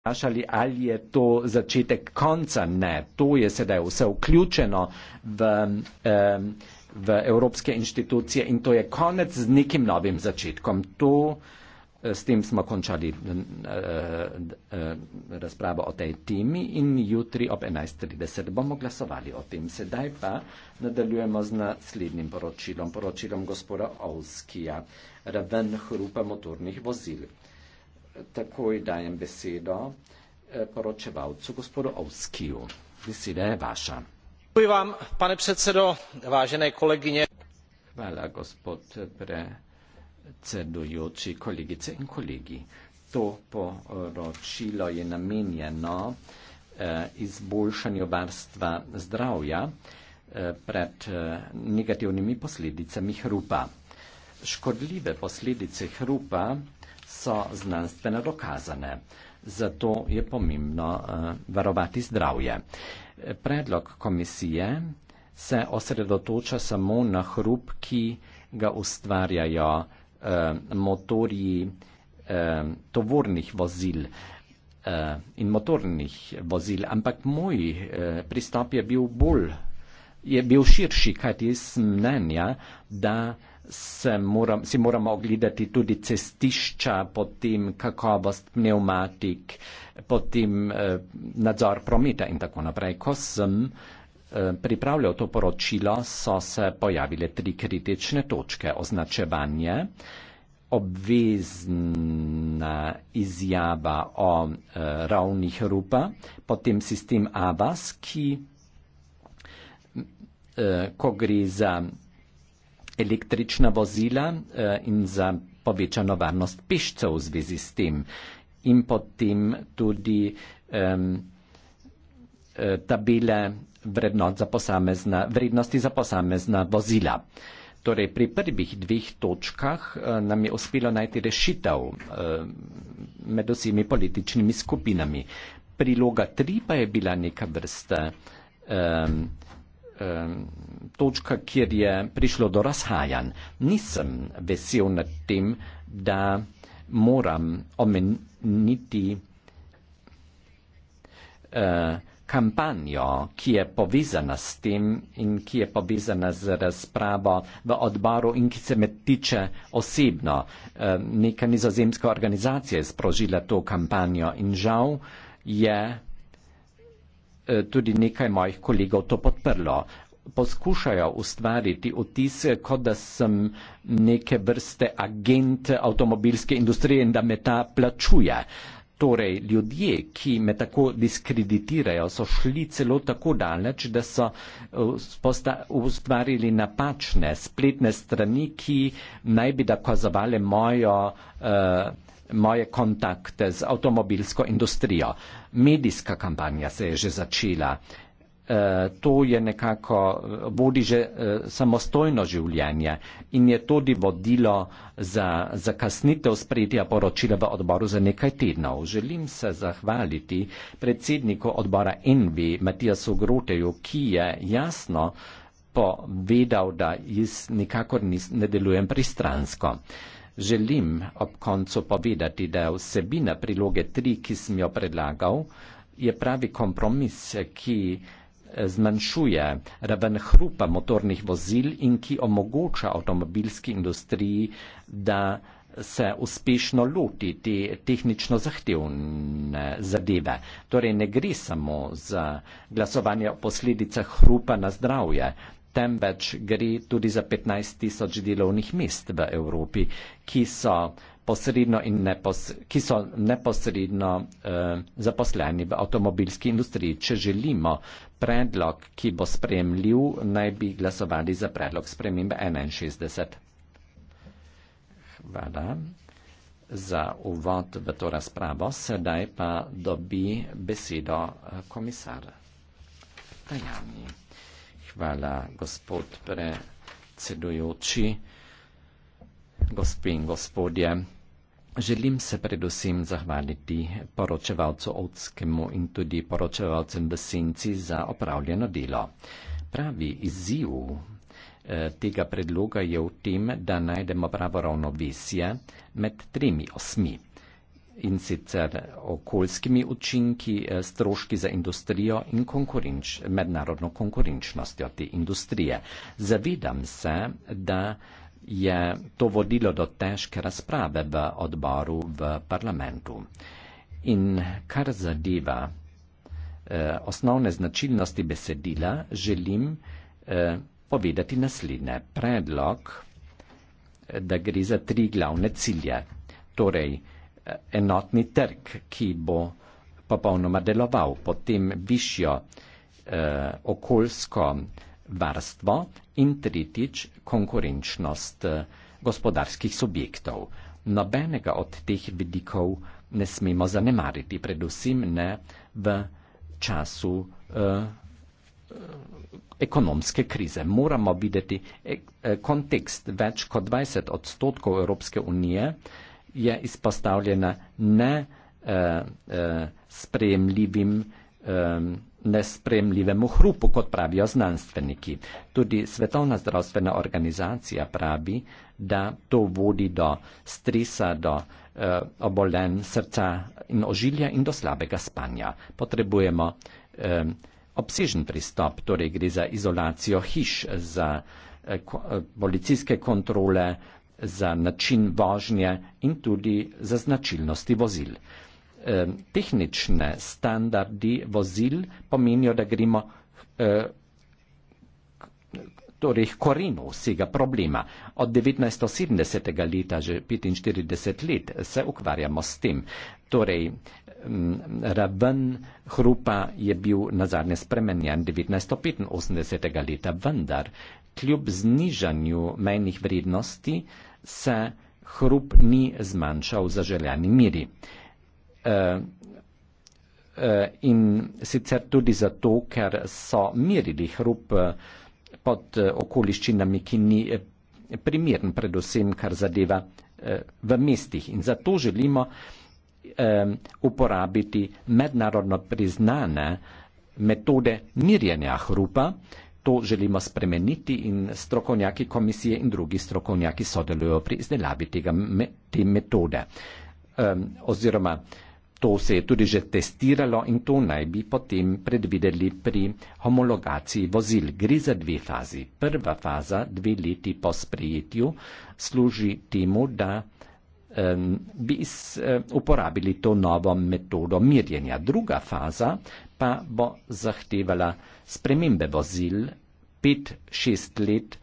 vprašali, ali je to začetek konca. Ne, to je sedaj vse vključeno v, v evropske inštitucije in to je konec z nekim novim začetkom. To, eh, s tem smo končali eh, eh, razpravo o tej temi in jutri ob 11.30 bomo glasovali o tem. Sedaj pa nadaljujemo z naslednjim poročilom, poročilom gospoda Ovskija, raven hrupa motornih vozil takoj dajem besedo eh, poročevalcu gospodu Ovskiju. Beseda je vaša. Hvala vam, pane predsedo, vážene kolegyne. Hvala, gospod predsedujoči, kolegice in kolegi. To poročilo je namenjeno eh, izboljšanju varstva zdravja eh, pred negativnimi posledicami hrupa. Škodljive posledice hrupa so znanstveno dokazane. Zato je pomembno eh, varovati zdravje. Predlog komisije se osredotoča samo na hrup, ki ga ustvarjajo eh, motorji eh, tovornih vozil in motornih vozil, ampak moj pristop je bil bolj, je bil širši, kajti sem mnenja, da moram, si moramo ogledati tudi cestišča, potem kakovost pneumatik, potem eh, nadzor prometa in tako naprej. Ko sem eh, pripravljal to poročilo, so se pojavile tri kritične točke. Označevanje, obvezna izjava o e, ravnih rupa, potem sistem ABAS, ki, e, ko gre za električna vozila eh, in za povečano varnost pešcev v zvezi s tem. In potem tudi um, tabele za posamezna, vrednosti za posamezna vozila. Torej, pri prvih dveh točkah uh, nam je uspelo najti rešitev uh, med vsemi političnimi skupinami. Priloga tri pa je bila neka vrsta um, Ehm, točka, kjer je prišlo do razhajanj. Nisem vesel nad tem, da moram omeniti eh, kampanjo, ki je povezana s tem in ki je povezana z razpravo v odboru in ki se me tiče osebno. Eh, neka nizozemska organizacija je sprožila to kampanjo in žal je Eh, tudi nekaj mojih kolegov to podprlo. Poskušajo ustvariti vtis, kot da sem neke vrste agent avtomobilske industrije in da me ta plačuje. Torej, ljudje, ki me tako diskreditirajo, so šli celo tako daleč, da so eh, ustvarili napačne spletne strani, ki naj bi dokazovali mojo. Uh, moje kontakte z avtomobilsko industrijo. Medijska kampanja se je že začela. E, to je nekako, vodi že e, samostojno življenje in je tudi vodilo za, za kasnitev sprejetja poročila v odboru za nekaj tednov. Želim se zahvaliti predsedniku odbora Envi, Matijasu Groteju, ki je jasno povedal, da jaz nikakor ne delujem pristransko želim ob koncu povedati, da vsebina priloge 3, ki sem jo predlagal, je pravi kompromis, ki eh, zmanjšuje raven hrupa motornih vozil in ki omogoča avtomobilski industriji, da se uspešno loti te tehnično zahtevne zadeve. Torej ne gre samo za glasovanje o posledicah hrupa na zdravje, temveč gre tudi za 15 tisoč delovnih mest v Evropi, ki so posredno in nepos, ki so neposredno eh, zaposleni v avtomobilski industriji. Če želimo predlog, ki bo spremljiv, naj bi glasovali za predlog spremembe 61. Hvala za uvod v to razpravo. Sedaj pa dobi besedo eh, komisar Tajani. Hvala, gospod predsedujoči, gospe in gospodje. Želim se predvsem zahvaliti poročevalcu Otskemu in tudi poročevalcem v Senci za opravljeno delo. Pravi izziv eh, tega predloga je v tem, da najdemo pravo ravnovesje med tremi osmi in sicer okoljskimi učinki, eh, stroški za industrijo in konkurenč, mednarodno konkurenčnostjo te industrije. Zavedam se, da je to vodilo do težke razprave v odboru v parlamentu. In kar zadeva eh, osnovne značilnosti besedila, želim eh, povedati naslednje. Predlog, eh, da gre za tri glavne cilje. Torej, enotni trg, ki bo popolnoma deloval, potem višjo eh, okoljsko varstvo in tretjič konkurenčnost eh, gospodarskih subjektov. Nobenega od teh vidikov ne smemo zanemariti, predvsem ne v času eh, ekonomske krize. Moramo videti eh, eh kontekst. Več kot 20 odstotkov Evropske unije eh, je izpostavljena ne eh, eh, spremljivim eh, nespremljivemu hrupu, kot pravijo znanstveniki. Tudi Svetovna zdravstvena organizacija pravi, da to vodi do stresa, do eh, obolen srca in ožilja in do slabega spanja. Potrebujemo eh, obsežen pristop, torej gre za izolacijo hiš, za eh, eh policijske kontrole, za način vožnje in tudi za značilnosti vozil. E, tehnične standardi vozil pomenijo, da gremo e, torej korenu vsega problema. Od 1970. leta, že 45 let, se ukvarjamo s tem. Torej, raven hrupa je bil na zadnje spremenjen 1985. leta, vendar kljub znižanju mejnih vrednosti, se hrup ni zmanjšal v zaželjani miri. E, e, in sicer tudi zato, ker so mirili hrup e, pod e, okoliščinami, ki ni e, primern, predvsem kar zadeva e, v mestih. In zato želimo e, uporabiti mednarodno priznane metode mirjenja hrupa, To želimo spremeniti in strokovnjaki komisije in drugi strokovnjaki sodelujo pri izdelavi tega, te metode. Um, oziroma, to se je tudi že testiralo in to naj bi potem predvideli pri homologaciji vozil. Gre za dve fazi. Prva faza, dve leti po sprejetju, služi temu, da uh, um, bi s, um, uporabili to novo metodo mirjenja. Druga faza pa bo zahtevala spremembe vozil 5-6 let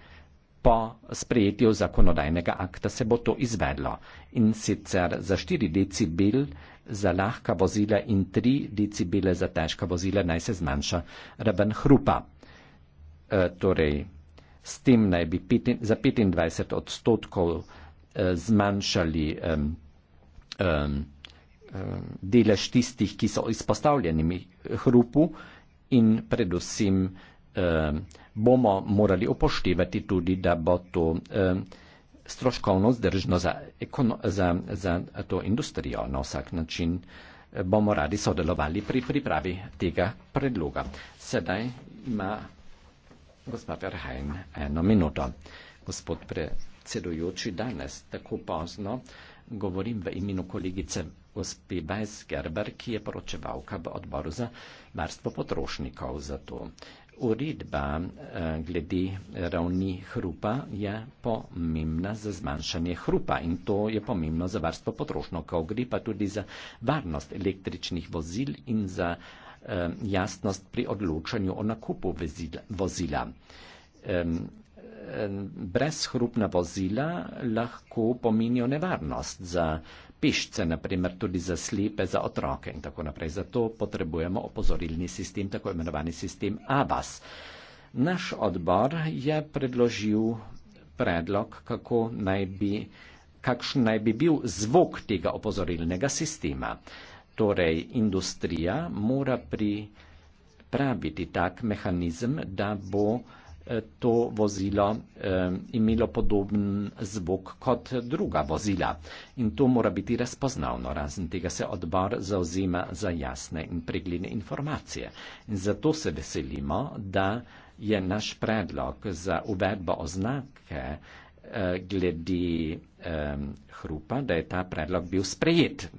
po sprejetju zakonodajnega akta se bo to izvedlo in sicer za 4 decibel za lahka vozila in 3 decibele za težka vozila naj se zmanjša raven hrupa. E, torej, s tem naj bi peti, za 25 odstotkov zmanjšali um, um, delež tistih, ki so izpostavljeni hrupu in predvsem um, bomo morali upoštevati tudi, da bo to um, stroškovno zdržno za, ekono, za, za to industrijo na vsak način. Eh, bomo radi sodelovali pri pripravi tega predloga. Sedaj ima gospod Verhajn eno minuto. Gospod pre, predsedujoči danes tako pozno, govorim v imenu kolegice gospe Bajs Gerber, ki je poročevalka v odboru za varstvo potrošnikov za to. Uredba eh, glede ravni hrupa je pomembna za zmanjšanje hrupa in to je pomembno za varstvo potrošnikov, gre pa tudi za varnost električnih vozil in za eh, jasnost pri odločanju o nakupu vozila. Eh, brezhrupna vozila lahko pomenijo nevarnost za pešce, naprimer tudi za slepe, za otroke in tako naprej. Zato potrebujemo opozorilni sistem, tako imenovani sistem ABAS. Naš odbor je predložil predlog, kako naj bi, kakšen naj bi bil zvok tega opozorilnega sistema. Torej, industrija mora pripraviti tak mehanizem, da bo uh, Eh, to vozilo eh, imelo podoben zvok kot druga vozila. In to mora biti razpoznavno, razen tega se odbor zauzema za jasne in pregledne informacije. In zato se veselimo, da je naš predlog za uvedbo oznake eh, glede eh, hrupa, da je ta predlog bil sprejet,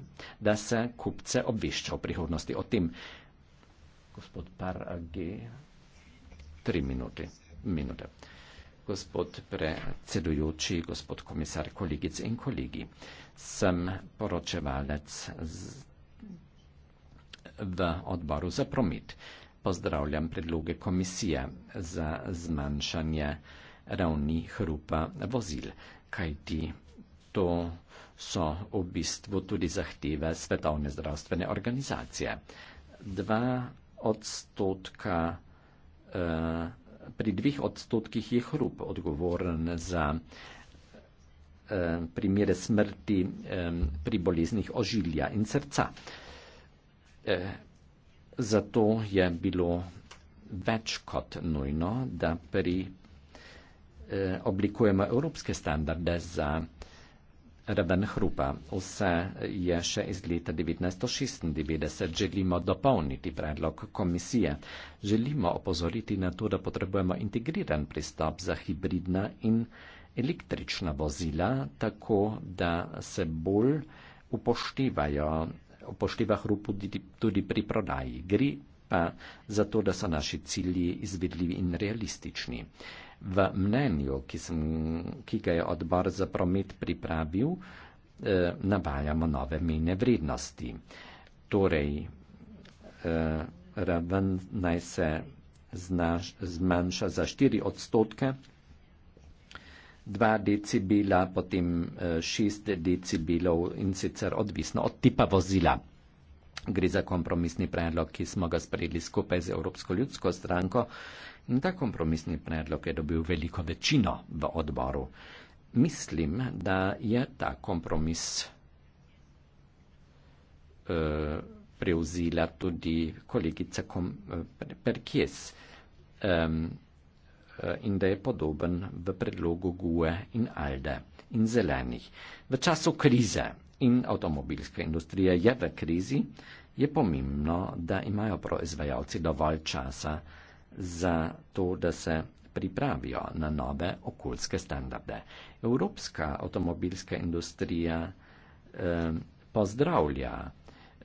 da se kupce obvešča v prihodnosti o tem. Gospod Paragi, tri minute minute. Gospod predsedujoči, gospod komisar, kolegice in kolegi, sem poročevalec z, v odboru za promet. Pozdravljam predloge komisije za zmanjšanje ravni hrupa vozil, kajti to so v bistvu tudi zahteve Svetovne zdravstvene organizacije. Dva odstotka eh, pri dveh odstotkih je hrup odgovoren za eh, primere smrti eh, pri boleznih ožilja in srca. Eh, zato je bilo več kot nujno, da pri, eh, oblikujemo evropske standarde za eh, Rebenhrupa. Vse je še iz leta 1996. Želimo dopolniti predlog komisije. Želimo opozoriti na to, da potrebujemo integriran pristop za hibridna in električna vozila, tako da se bolj upoštevajo, upošteva hrup tudi pri prodaji. Gre pa za to, da so naši cilji izvedljivi in realistični. V mnenju, ki, sem, ki ga je odbor za promet pripravil, eh, navajamo nove mejne vrednosti. Torej, eh, raven naj se znaš, zmanjša za 4 odstotke, 2 decibela, potem 6 eh, decibelov in sicer odvisno od tipa vozila. Gre za kompromisni predlog, ki smo ga sprejeli skupaj z Evropsko ljudsko stranko, Ta kompromisni predlog je dobil veliko večino v odboru. Mislim, da je ta kompromis uh, prevzela tudi kolegica kom, per, eh, Perkies um, eh, in da je podoben v predlogu GUE in ALDE in zelenih. V času krize in avtomobilska industrija je v krizi, je pomembno, da imajo proizvajalci dovolj časa, za to, da se pripravijo na nove okoljske standarde. Evropska avtomobilska industrija eh, pozdravlja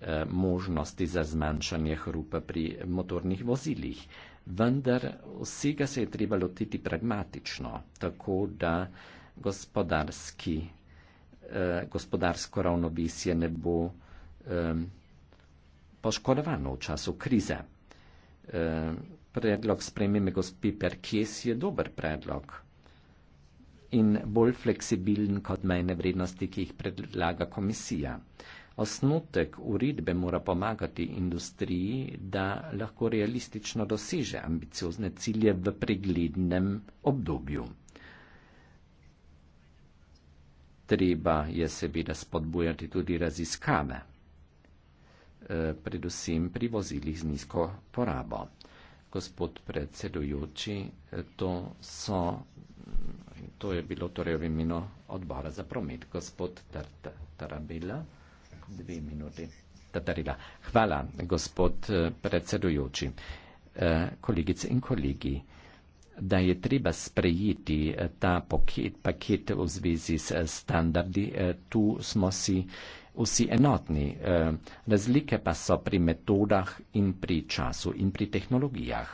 eh, možnosti za zmanjšanje hrupa pri motornih vozilih, vendar vsega se je treba lotiti pragmatično, tako da gospodarski, eh, gospodarsko ravnovesje ne bo eh, poškodovano v času krize. Eh, predlog spremembe gospi Perkis je dober predlog in bolj fleksibilen kot mejne vrednosti, ki jih predlaga komisija. Osnutek uredbe mora pomagati industriji, da lahko realistično doseže ambiciozne cilje v preglednem obdobju. Treba je seveda spodbujati tudi raziskave, eh, predvsem pri vozilih z nizko porabo gospod predsedujoči, to so, to je bilo torej v imenu odbora za promet, gospod Tarabila, dve minuti, Tatarila. Hvala, gospod predsedujoči, e, kolegice in kolegi, da je treba sprejeti e, ta paket, paket v zvezi s standardi, e, tu smo si vsi enotni, eh, razlike pa so pri metodah in pri času in pri tehnologijah.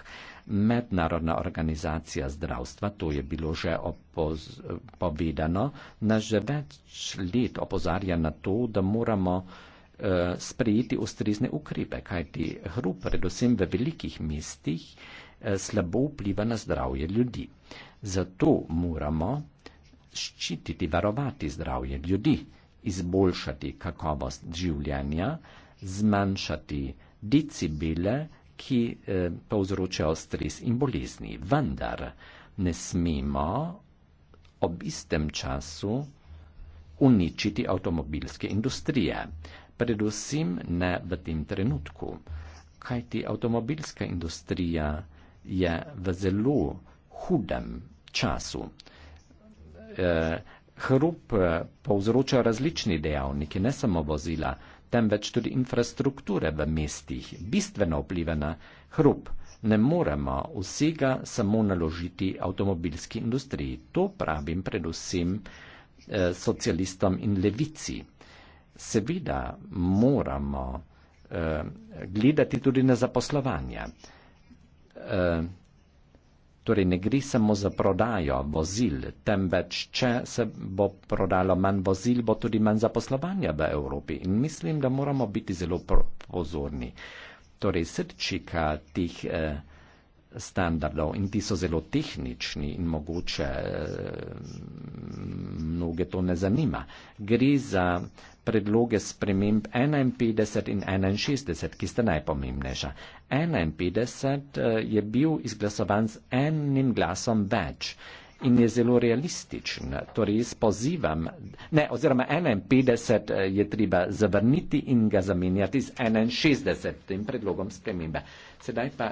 Mednarodna organizacija zdravstva, to je bilo že povedano, nas že več let opozarja na to, da moramo eh, sprejeti ustrezne ukrepe, kajti hrup, predvsem v velikih mestih, eh, slabo vpliva na zdravje ljudi. Zato moramo ščititi, varovati zdravje ljudi izboljšati kakovost življenja, zmanjšati decibele, ki eh, povzročajo stres in bolezni. Vendar ne smemo ob istem času uničiti avtomobilske industrije, predvsem ne v tem trenutku, kajti avtomobilska industrija je v zelo hudem času. Eh, Hrup eh, povzroča različni dejavniki, ne samo vozila, temveč tudi infrastrukture v mestih, bistveno vpliva na hrup. Ne moremo vsega samo naložiti avtomobilski industriji. To pravim predvsem eh, socialistom in levici. Seveda moramo eh, gledati tudi na zaposlovanje. Eh, Torej, ne gre samo za prodajo vozil, temveč, če se bo prodalo manj vozil, bo tudi manj zaposlovanja v Evropi. In mislim, da moramo biti zelo pozorni. Torej, srčika tih. Eh, standardov in ti so zelo tehnični in mogoče eh, mnoge to ne zanima. Gre za predloge sprememb 51 in 61, ki sta najpomembnejša. 51 eh, je bil izglasovan z enim glasom več. In je zelo realističen. Torej, jaz pozivam, ne, oziroma 51 eh, je treba zavrniti in ga zamenjati z 61 predlogom spremembe. Sedaj pa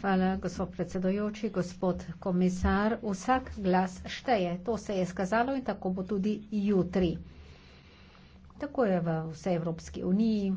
Hvala, gospod predsedojoči, gospod komisar. Vsak glas šteje. To se je skazalo in tako bo tudi jutri. Tako je v vsej Evropski uniji.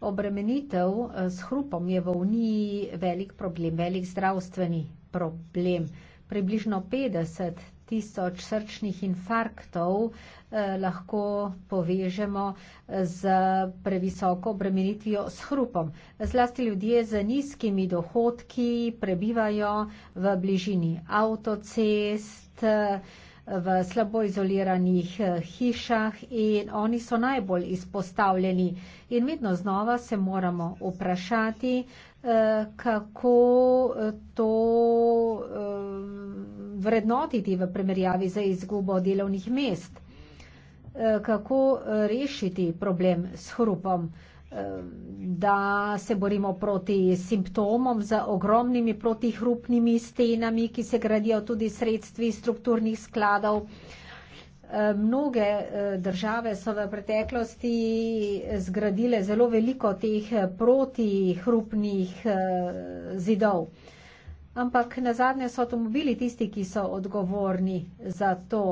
Obremenitev eh, s hrupom je v uniji velik problem, velik zdravstveni problem. Približno 50 tisoč srčnih infarktov eh, lahko povežemo z previsoko obremenitvijo s hrupom. Zlasti ljudje z nizkimi dohodki prebivajo v bližini avtocest, v slabo izoliranih eh, hišah in oni so najbolj izpostavljeni. In vedno znova se moramo vprašati, kako eh, to eh, vrednotiti v primerjavi za izgubo delovnih mest, eh, kako rešiti problem s hrupom, da se borimo proti simptomom za ogromnimi protihrupnimi stenami, ki se gradijo tudi sredstvi strukturnih skladov, Eh, mnoge eh, države so v preteklosti zgradile zelo veliko teh eh, protihrupnih zidov. Ampak na zadnje so avtomobili tisti, ki so odgovorni za to.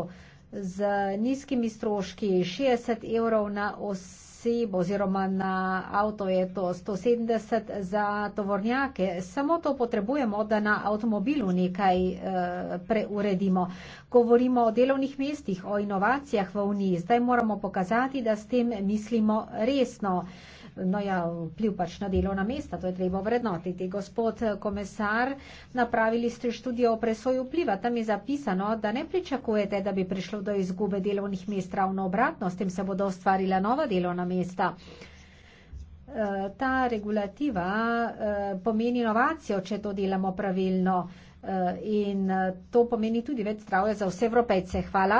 Z nizkimi stroški 60 evrov na 80 osebo oziroma na avto je to 170 za tovornjake. Samo to potrebujemo, da na avtomobilu nekaj eh, preuredimo. Govorimo o delovnih mestih, o inovacijah v Uniji. Zdaj moramo pokazati, da s tem mislimo resno no ja, vpliv pač na delovna mesta, to je treba vrednotiti. Gospod eh, komisar, napravili ste študijo o presoju vpliva, tam je zapisano, da ne pričakujete, da bi prišlo do izgube delovnih mest ravno obratno, s tem se bodo ustvarila nova delovna mesta. Eh, ta regulativa eh, pomeni inovacijo, če to delamo pravilno. In to pomeni tudi več zdravja za vse evropejce. Hvala.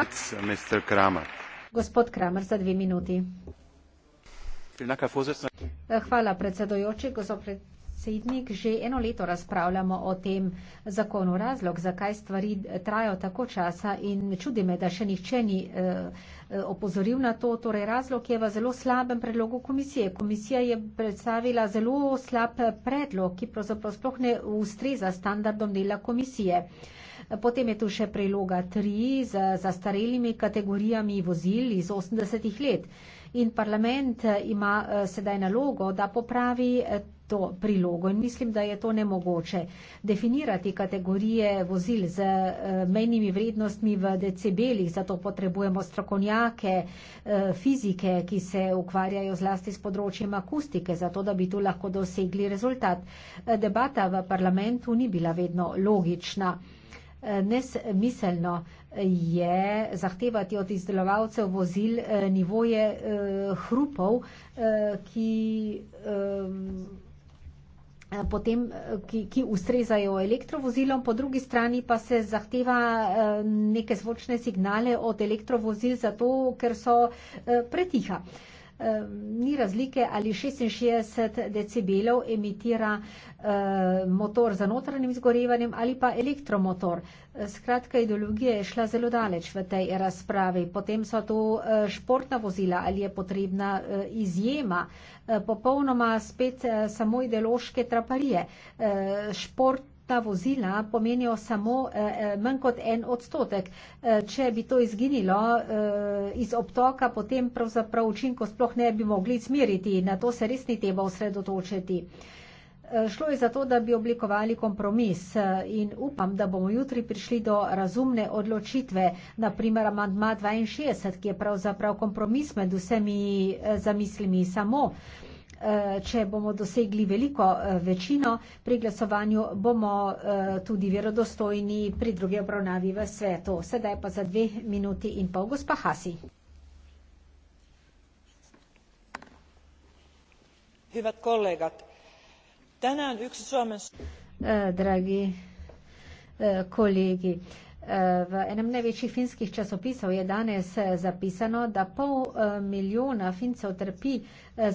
Gospod Kramer, za dve minuti. Eh, hvala predsedojoči, gospod predsednik. Že eno leto razpravljamo o tem zakonu. Razlog, zakaj stvari trajajo tako časa in čudi me, da še nihče ni eh, eh opozoril na to. Torej, razlog je v zelo slabem predlogu komisije. Komisija je predstavila zelo slab eh, predlog, ki pravzaprav sploh ne ustreza standardom dela komisije. Potem je tu še priloga 3 z zastarelimi kategorijami vozil iz 80-ih let in parlament eh, ima eh, sedaj nalogo, da popravi eh, to prilogo in mislim, da je to nemogoče definirati kategorije vozil z mejnimi vrednostmi v decibelih, zato potrebujemo strokovnjake fizike, ki se ukvarjajo zlasti s področjem akustike, zato da bi tu lahko dosegli rezultat. Debata v parlamentu ni bila vedno logična nesmiselno je zahtevati od izdelovalcev vozil eh, nivoje eh, hrupov, eh, ki, potem, ki, ki ustrezajo elektrovozilom, po drugi strani pa se zahteva neke zvočne signale od elektrovozil, zato ker so pretiha. Ni razlike, ali 66 decibelov emitira uh, Eh, motor za notranjim izgorevanjem ali pa elektromotor. Skratka, ideologija je šla zelo daleč v tej razpravi. Potem so to eh, športna vozila ali je potrebna eh, izjema. Popolnoma spet samo ideološke traparije. Šport Ta vozila pomenijo samo eh, manj kot en odstotek. Eh, če bi to izginilo eh, iz obtoka, potem pravzaprav učinko sploh ne bi mogli izmeriti. Na to se res ni treba osredotočiti. Eh, Šlo je za to, da bi oblikovali kompromis eh, in upam, da bomo jutri prišli do razumne odločitve, naprimer amandma 62, ki je pravzaprav kompromis med vsemi eh, zamislimi samo. Eh, če bomo dosegli veliko večino pri glasovanju, bomo tudi verodostojni pri druge obravnavi v svetu. Sedaj pa za dve minuti in pol, gospa Hasi. Hyvät kollegat, tänään yksi Suomen... Eh, dragi eh, kolegi, eh, v enem največjih finskih časopisov je danes zapisano, da pol milijona fincev trpi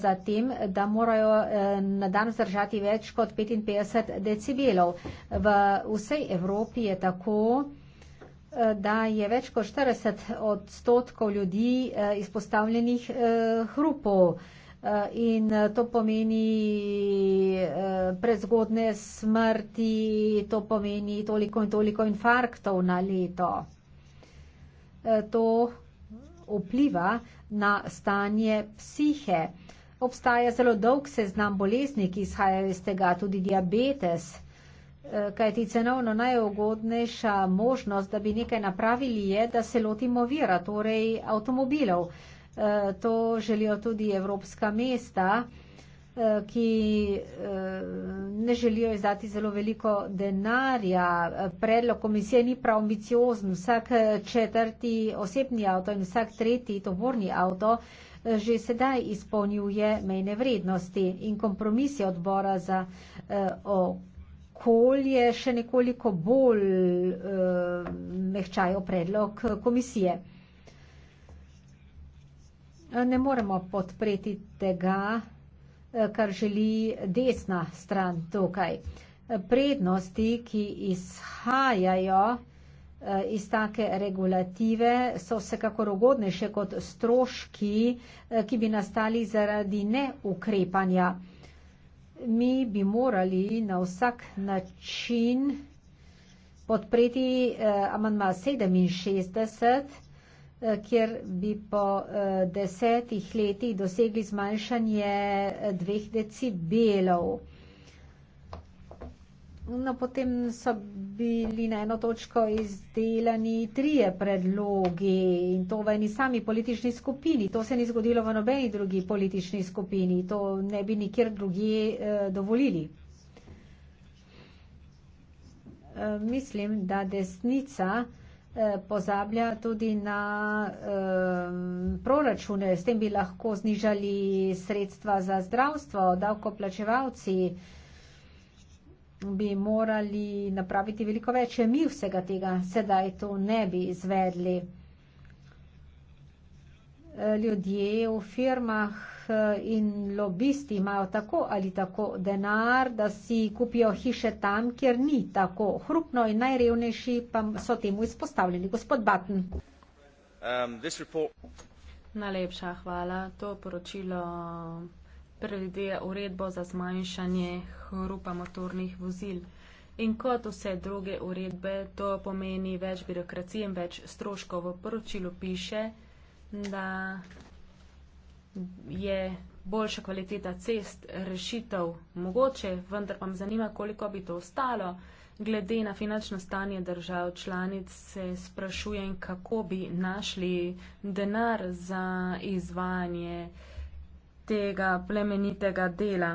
za tem, da morajo na dan zdržati več kot 55 decibelov. V vsej Evropi je tako, da je več kot 40 odstotkov ljudi izpostavljenih hrupov. Eh, in eh, to pomeni eh, prezgodne smrti, to pomeni toliko in toliko infarktov na leto. To vpliva na stanje psihe. Obstaja zelo dolg seznam bolezni, ki izhajajo iz tega, tudi diabetes, kajti cenovno najogodnejša možnost, da bi nekaj napravili, je, da se lotimo vira, torej avtomobilov. Eh, to želijo tudi evropska mesta, eh, ki eh, ne želijo izdati zelo veliko denarja. Predlog komisije ni prav ambiciozen. Vsak četrti osebni avto in vsak tretji tovorni avto že sedaj izpolnjuje mejne vrednosti in kompromisi odbora za okolje še nekoliko bolj mehčajo predlog komisije ne moremo podpreti tega, eh, kar želi desna stran tukaj. Prednosti, ki izhajajo eh, iz take regulative, so vsekakor ugodnejše kot stroški, eh, ki bi nastali zaradi neukrepanja. Mi bi morali na vsak način podpreti amandma 67 Eh, kjer bi po eh, desetih letih dosegli zmanjšanje eh, dveh decibelov. No, potem so bili na eno točko izdelani trije predlogi in to v eni sami politični skupini. To se ni zgodilo v nobeni drugi politični skupini. To ne bi nikjer drugi eh, dovolili. Eh, mislim, da desnica eh, Eh, pozablja tudi na eh, proračune. S tem bi lahko znižali sredstva za zdravstvo, davkoplačevalci bi morali napraviti veliko več, če mi vsega tega sedaj to ne bi izvedli. Eh, ljudje v firmah Eh, in lobisti imajo tako ali tako denar, da si kupijo hiše tam, kjer ni tako hrupno in najrevnejši pa so temu izpostavljeni. Gospod Batten. Um, report... Najlepša hvala. To poročilo predvideva uredbo za zmanjšanje hrupa motornih vozil. In kot vse druge uredbe, to pomeni več birokracije in več stroškov. V poročilu piše, da je boljša kvaliteta cest rešitev mogoče, vendar pa me zanima, koliko bi to ostalo. Glede na finančno stanje držav članic se sprašujem, kako bi našli denar za izvajanje tega plemenitega dela.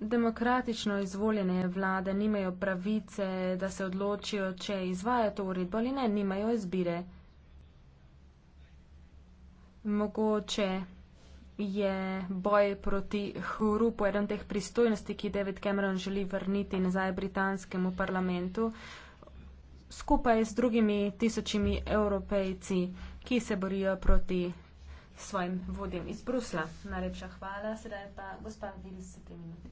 Demokratično izvoljene vlade nimajo pravice, da se odločijo, če izvajajo to uredbo ali ne, nimajo izbire mogoče je boj proti hrupu eden teh pristojnosti, ki David Cameron želi vrniti nazaj britanskemu parlamentu, skupaj z drugimi tisočimi evropejci, ki se borijo proti svojim vodjem iz Brusla. Najlepša hvala, sedaj pa gospa Vils, te minute.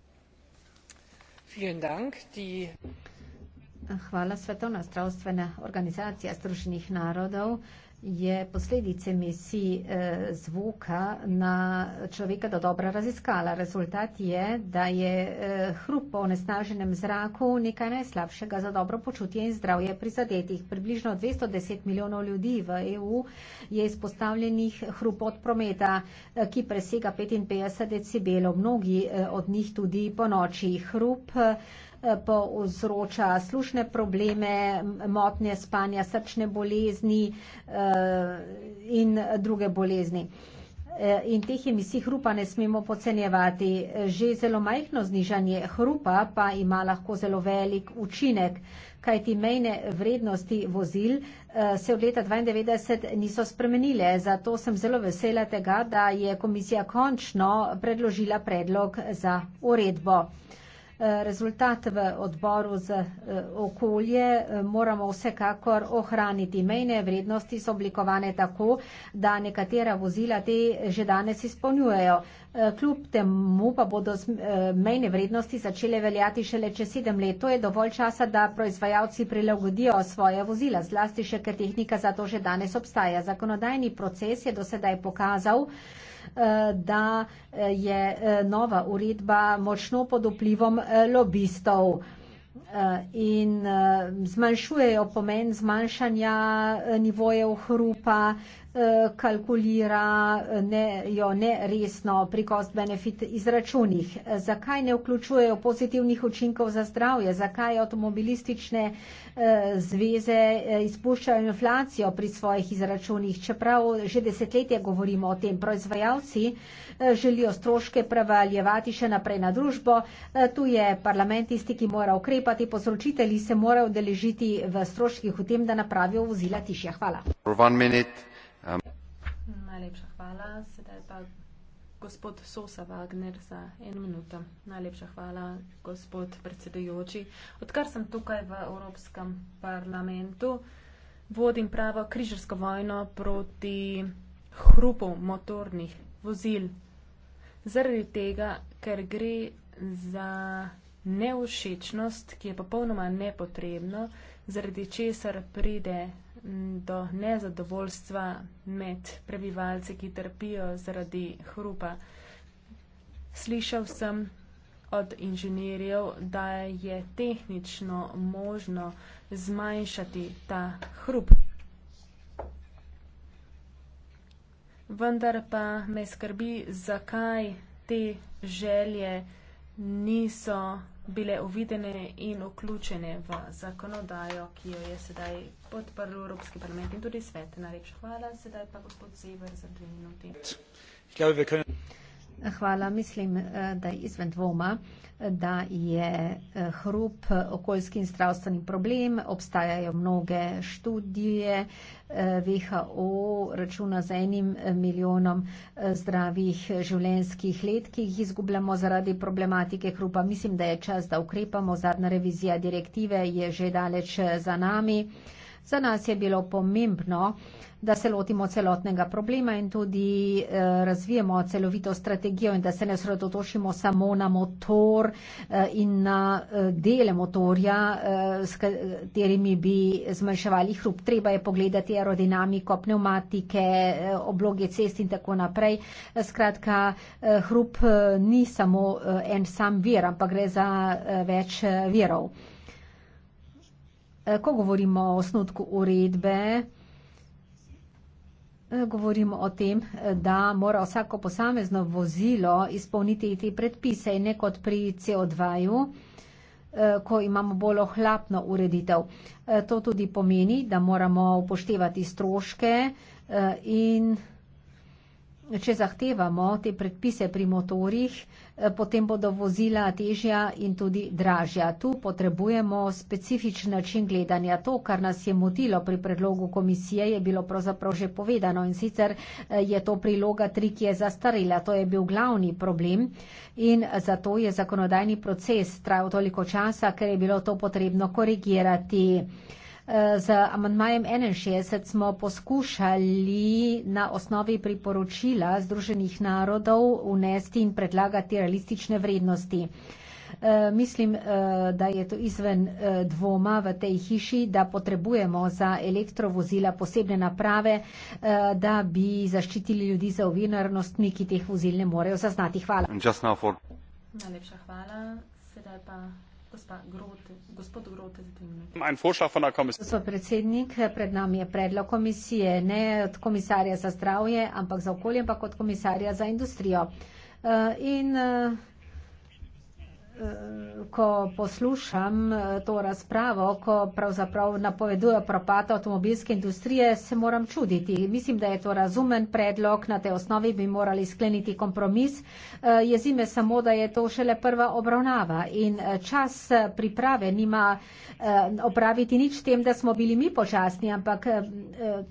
Hvala Svetovna zdravstvena organizacija Združenih narodov je posledice emisij eh, zvoka na človeka do dobra raziskala. Rezultat je, da je eh, hrup po onesnaženem zraku nekaj najslabšega za dobro počutje in zdravje prizadetih. Približno 210 milijonov ljudi v EU je izpostavljenih hrup od prometa, eh, ki presega 55 decibelov, mnogi od njih tudi po noči. Hrup Eh, povzroča slušne probleme, motnje spanja, srčne bolezni eh, in druge bolezni. Eh, in teh emisij hrupa ne smemo pocenjevati. Že zelo majhno znižanje hrupa pa ima lahko zelo velik učinek, kajti mejne vrednosti vozil se od leta 1992 niso spremenile. Zato sem zelo vesela tega, da je komisija končno predložila predlog za uredbo rezultat v odboru z eh, okolje eh, moramo vsekakor ohraniti. Mejne vrednosti so oblikovane tako, da nekatera vozila te že danes izpolnjujejo. Eh, kljub temu pa bodo mejne vrednosti začele veljati šele čez sedem let. To je dovolj časa, da proizvajalci prilagodijo svoje vozila, zlasti še, ker tehnika za to že danes obstaja. Zakonodajni proces je do sedaj pokazal, Eh, da eh, je eh, nova uredba močno pod vplivom lobistov in zmanjšujejo pomen zmanjšanja nivojev hrupa, Eh, kalkulirajo eh, neresno pri cost-benefit izračunih? Eh, zakaj ne vključujejo pozitivnih učinkov za zdravje? Zakaj avtomobilistične zveze izpuščajo inflacijo pri svojih izračunih? Čeprav že desetletje govorimo o tem, proizvajalci želijo stroške prevaljevati še naprej na družbo. Tu je parlament tisti, ki mora ukrepati, pozročitelji se morajo deležiti v stroških v tem, da napravijo vozila tišja. Hvala. For one minute. Um. Najlepša hvala. Sedaj pa gospod Sosa Wagner za eno minuto. Najlepša hvala, gospod predsedujoči. Odkar sem tukaj v Evropskem parlamentu, vodim pravo križarsko vojno proti hrupu motornih vozil. Zaradi tega, ker gre za neušečnost, ki je popolnoma nepotrebno, zaradi česar pride do nezadovoljstva med prebivalci, ki trpijo zaradi hrupa. Slišal sem od inženirjev, da je tehnično možno zmanjšati ta hrup. Vendar pa me skrbi, zakaj te želje niso bile uvidene in vključene v zakonodajo, ki jo je sedaj podprl Evropski parlament in tudi svet. Najlepša hvala. Sedaj pa gospod Zever za dve minuti. Hvala. Hvala. Mislim, eh, da je izven dvoma, da je eh, hrup okoljski in zdravstveni problem. Obstajajo mnoge študije. Eh, VHO računa z enim milijonom zdravih življenjskih let, ki jih izgubljamo zaradi problematike hrupa. Mislim, da je čas, da ukrepamo. Zadnja revizija direktive je že daleč za nami. Za nas je bilo pomembno, da se lotimo celotnega problema in tudi eh, razvijemo celovito strategijo in da se ne sredotočimo samo na motor eh, in na eh, dele motorja, s katerimi bi zmanjševali hrup. Treba je pogledati aerodinamiko, pneumatike, obloge cest in tako naprej. Skratka, hrup ni samo en sam vir, ampak gre za več virov. Eh, ko govorimo o osnutku uredbe, eh, govorimo o tem, eh, da mora vsako posamezno vozilo izpolniti te predpise in ne kot pri CO2-ju, ko imamo bolj ohlapno ureditev. To tudi pomeni, da moramo upoštevati stroške in če zahtevamo te predpise pri motorjih, eh, potem bodo vozila težja in tudi dražja. Tu potrebujemo specifičen način gledanja. To, kar nas je motilo pri predlogu komisije, je bilo pravzaprav že povedano in sicer eh, je to priloga 3, ki je zastarila. To je bil glavni problem in zato je zakonodajni proces trajal toliko časa, ker je bilo to potrebno korigirati. Z amantmajem 61 smo poskušali na osnovi priporočila Združenih narodov unesti in predlagati realistične vrednosti. E, mislim, e, da je to izven e, dvoma v tej hiši, da potrebujemo za elektrovozila posebne naprave, e, da bi zaščitili ljudi za ovinarnostmi, ki teh vozil ne morejo zaznati. Hvala. Najlepša hvala. Sedaj pa. En vorschlag von der Kommission. So, predsednik, pred nami je predlog komisije, ne od komisarja za zdravje, ampak za okolje, ampak od komisarja za industrijo. Uh, in uh, Eh, ko poslušam eh, to razpravo, ko pravzaprav napovedujo propad avtomobilske industrije, se moram čuditi. Mislim, da je to razumen predlog, na tej osnovi bi morali skleniti kompromis. Eh, Jezime samo, da je to šele prva obravnava in čas priprave nima opraviti nič tem, da smo bili mi počasni, ampak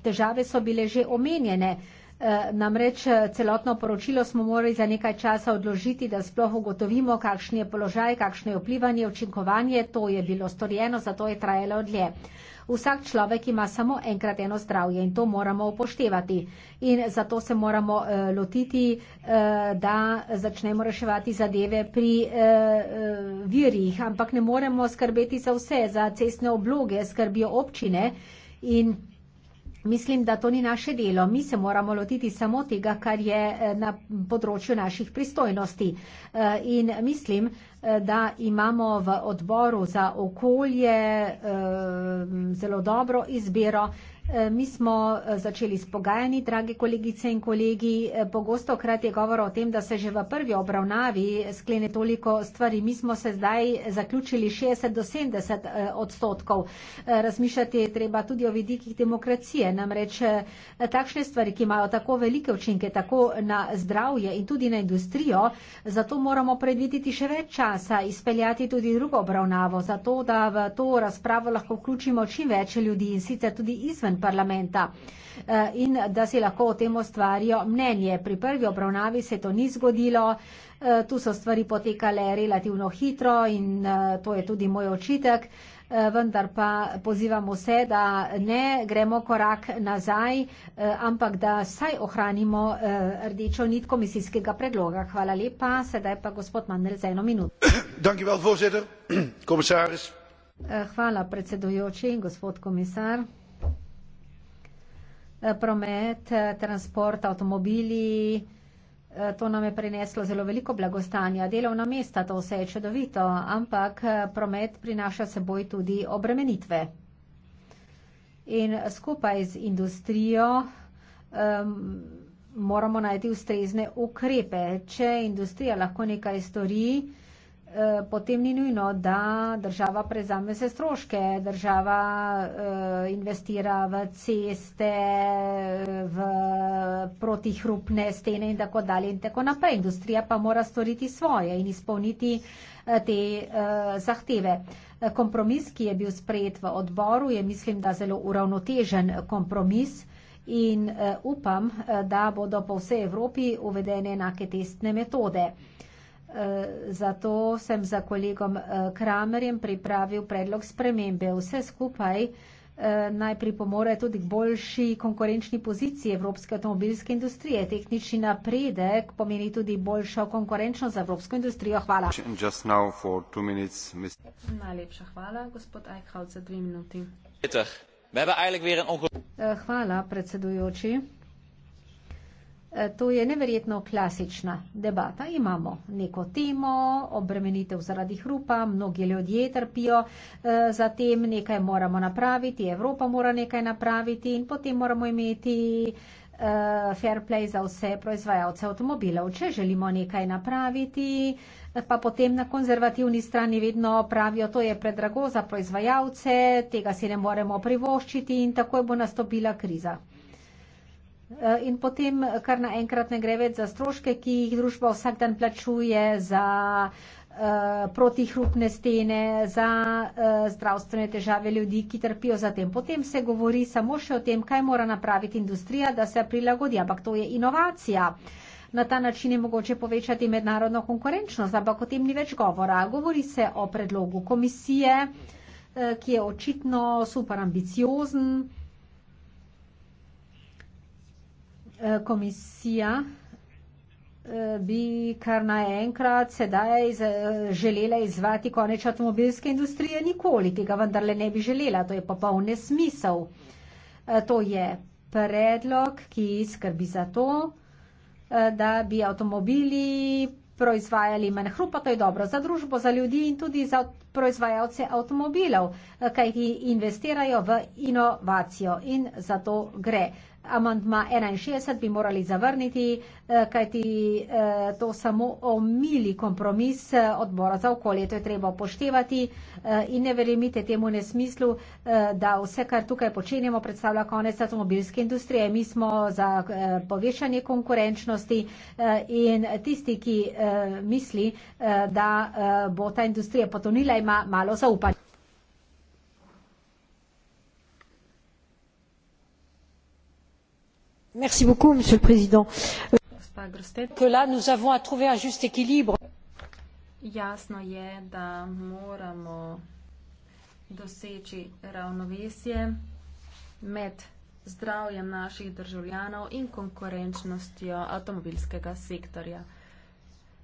težave so bile že omenjene. Eh, namreč eh, celotno poročilo smo morali za nekaj časa odložiti, da sploh ugotovimo, kakšen je položaj, kakšno je vplivanje, učinkovanje, to je bilo storjeno, zato je trajalo dlje. Vsak človek ima samo enkrat eno zdravje in to moramo upoštevati. In zato se moramo uh, lotiti, uh, da začnemo reševati zadeve pri uh, virih, ampak ne moremo skrbeti za vse, za cestne obloge skrbijo občine in Mislim, da to ni naše delo. Mi se moramo lotiti samo tega, kar je eh, na področju naših pristojnosti. Eh, in mislim, eh, da imamo v odboru za okolje zelo dobro izbiro Eh, mi smo eh, začeli s pogajanji, dragi kolegice in kolegi. Eh, Pogosto krat je govor o tem, da se že v prvi obravnavi sklene toliko stvari. Mi smo se zdaj zaključili 60 do 70 odstotkov. Razmišljati je treba tudi o vidikih demokracije. Namreč takšne stvari, ki imajo tako velike učinke, tako na zdravje in tudi na industrijo, zato moramo predvideti še več časa, izpeljati tudi drugo obravnavo, zato da v to razpravo lahko vključimo čim več ljudi in sicer tudi izven parlamenta eh, in da si lahko o tem ustvarijo mnenje. Pri prvi obravnavi se to ni zgodilo, eh, tu so stvari potekale relativno hitro in eh, to je tudi moj očitek, vendar pa pozivam vse, da ne gremo korak nazaj, ampak da saj ohranimo rdečo nit komisijskega predloga. Hvala lepa, sedaj pa gospod Mandel za eno minuto. Hvala predsedujoči, gospod komisar. Eh, promet, eh, transport, avtomobili. Eh, to nam je preneslo zelo veliko blagostanja. Delovna mesta, to vse je čudovito, ampak promet prinaša seboj tudi obremenitve. In skupaj z industrijo um, moramo najti ustrezne ukrepe. Če industrija lahko nekaj stori, uh, Eh, potem ni nujno, da država prezame vse stroške. Država eh, investira v ceste, eh, v protihrupne stene in tako dalje in tako naprej. Industrija pa mora storiti svoje in izpolniti eh, te eh, zahteve. Eh, kompromis, ki je bil sprejet v odboru, je mislim, da zelo uravnotežen kompromis. In upam, da bodo po vsej Evropi uvedene enake testne metode. Uh, Eh, zato sem za kolegom eh, Kramerjem pripravil predlog spremembe. Vse skupaj eh, naj pripomore tudi k boljši konkurenčni poziciji evropske avtomobilske industrije. Tehnični napredek pomeni tudi boljšo konkurenčnost za evropsko industrijo. Hvala. Najlepša hvala, gospod Eichhaus, za dve minuti. Hvala, predsedujoči. E, to je neverjetno klasična debata. Imamo neko temo, obremenitev zaradi hrupa, mnogi ljudje trpijo, e, zatem nekaj moramo napraviti, Evropa mora nekaj napraviti in potem moramo imeti e, fair play za vse proizvajalce avtomobilov. Če želimo nekaj napraviti, pa potem na konzervativni strani vedno pravijo, to je predrago za proizvajalce, tega si ne moremo privoščiti in takoj bo nastopila kriza. Eh, in potem eh, kar naenkrat ne gre več za stroške, ki jih družba vsak dan plačuje, za uh, protihrupne stene, za uh, zdravstvene težave ljudi, ki trpijo za tem. Potem se govori samo še o tem, kaj mora napraviti industrija, da se prilagodi. Ampak to je inovacija. Na ta način je mogoče povečati mednarodno konkurenčnost, ampak o tem ni več govora. Govori se o predlogu komisije, uh, ki je očitno super ambiciozen. Eh, komisija eh, bi kar naenkrat sedaj eh, želela izvati konec avtomobilske industrije, nikoli tega vendarle ne bi želela, to je popoln nesmisel. To je predlog, ki skrbi za to, da bi avtomobili proizvajali manj hrupa, to je dobro za družbo, za ljudi in tudi za proizvajalce avtomobilov, kaj ki investirajo v inovacijo in za to gre amantma 61 bi morali zavrniti, eh, kajti eh, to samo omili kompromis eh, odbora za okolje. To je treba upoštevati in ne verjemite temu nesmislu, da vse, kar tukaj počenjamo, predstavlja konec avtomobilske industrije. Mi smo za povešanje konkurenčnosti in tisti, ki misli, da bo ta industrija potonila, ima malo zaupanja. monsieur le président que là nous avons à trouver un juste équilibre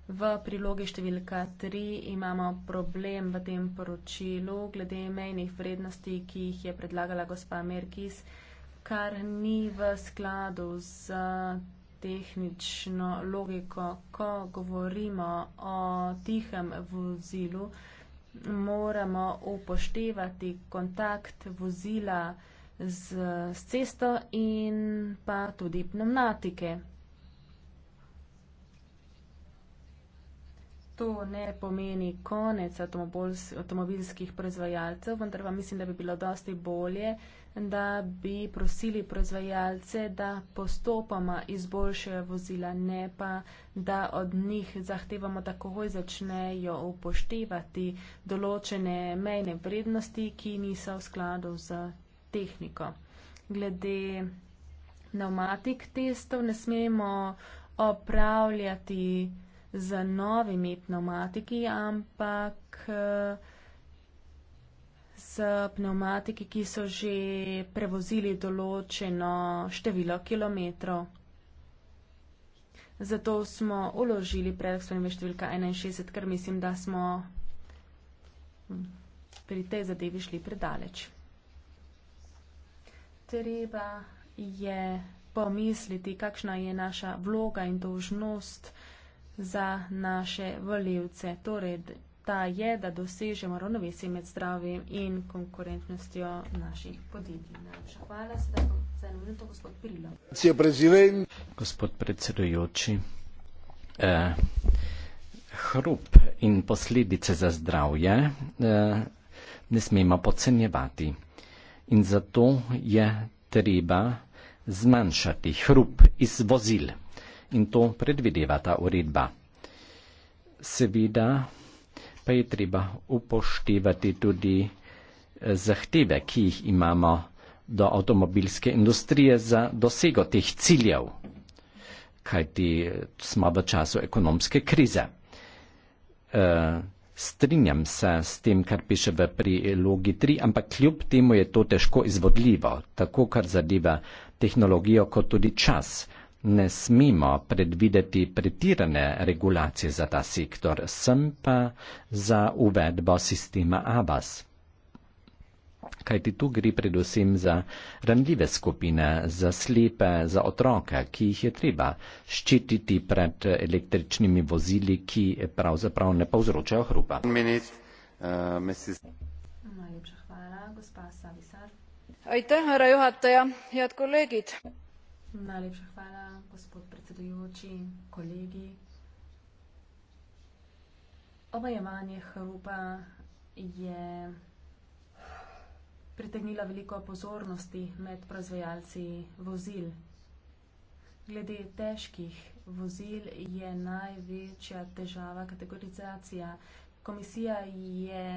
V prilogi številka 3 imamo problem v tem poročilu glede mejnih vrednosti, ki jih je predlagala gospa Merkis kar ni v skladu z tehnično logiko. Ko govorimo o tihem vozilu, moramo upoštevati kontakt vozila z cesto in pa tudi pneumatike. To ne pomeni konec avtomobilskih proizvajalcev, vendar pa mislim, da bi bilo dosti bolje, da bi prosili proizvajalce, da postopoma izboljšajo vozila, ne pa, da od njih zahtevamo, da takoj začnejo upoštevati določene mejne vrednosti, ki niso v skladu z tehniko. Glede pneumatik testov ne smemo opravljati z novimi pneumatiki, ampak z eh, pneumatiki, ki so že prevozili določeno število kilometrov. Zato smo uložili predlog spremembe številka 61, ker mislim, da smo pri tej zadevi šli predaleč. Treba je pomisliti, kakšna je naša vloga in dožnost za naše valjivce. Torej, ta je, da dosežemo ravnovesje med zdravjem in konkurentnostjo naših podjetij. Najlepša hvala, sedaj bom za eno minuto gospod Pirilo. Gospod predsedujoči, eh, hrup in posledice za zdravje eh, ne smemo podcenjevati. In zato je treba zmanjšati hrup iz vozil in to predvideva ta uredba. Seveda pa je treba upoštevati tudi eh, zahteve, ki jih imamo do avtomobilske industrije za dosego teh ciljev, kajti eh, smo v času ekonomske krize. E, strinjam se s tem, kar piše v prilogi 3, ampak kljub temu je to težko izvodljivo, tako kar zadeva tehnologijo, kot tudi čas ne smemo predvideti pretirane regulacije za ta sektor, sem pa za uvedbo sistema ABAS. Kajti tu gre predvsem za randljive skupine, za slepe, za otroke, ki jih je treba ščititi pred električnimi vozili, ki pravzaprav ne povzročajo hrupa. Minit, uh, Najlepša hvala, gospa Savisar. Aitäh, härra juhataja, head kolleegid. Najlepša hvala, gospod predsedujoči, kolegi. Omejevanje hrupa je pritegnilo veliko pozornosti med proizvajalci vozil. Glede težkih vozil je največja težava kategorizacija. Komisija je